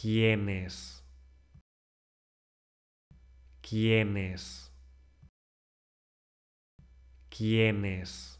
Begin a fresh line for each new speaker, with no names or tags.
¿Quiénes? ¿Quiénes? ¿Quiénes?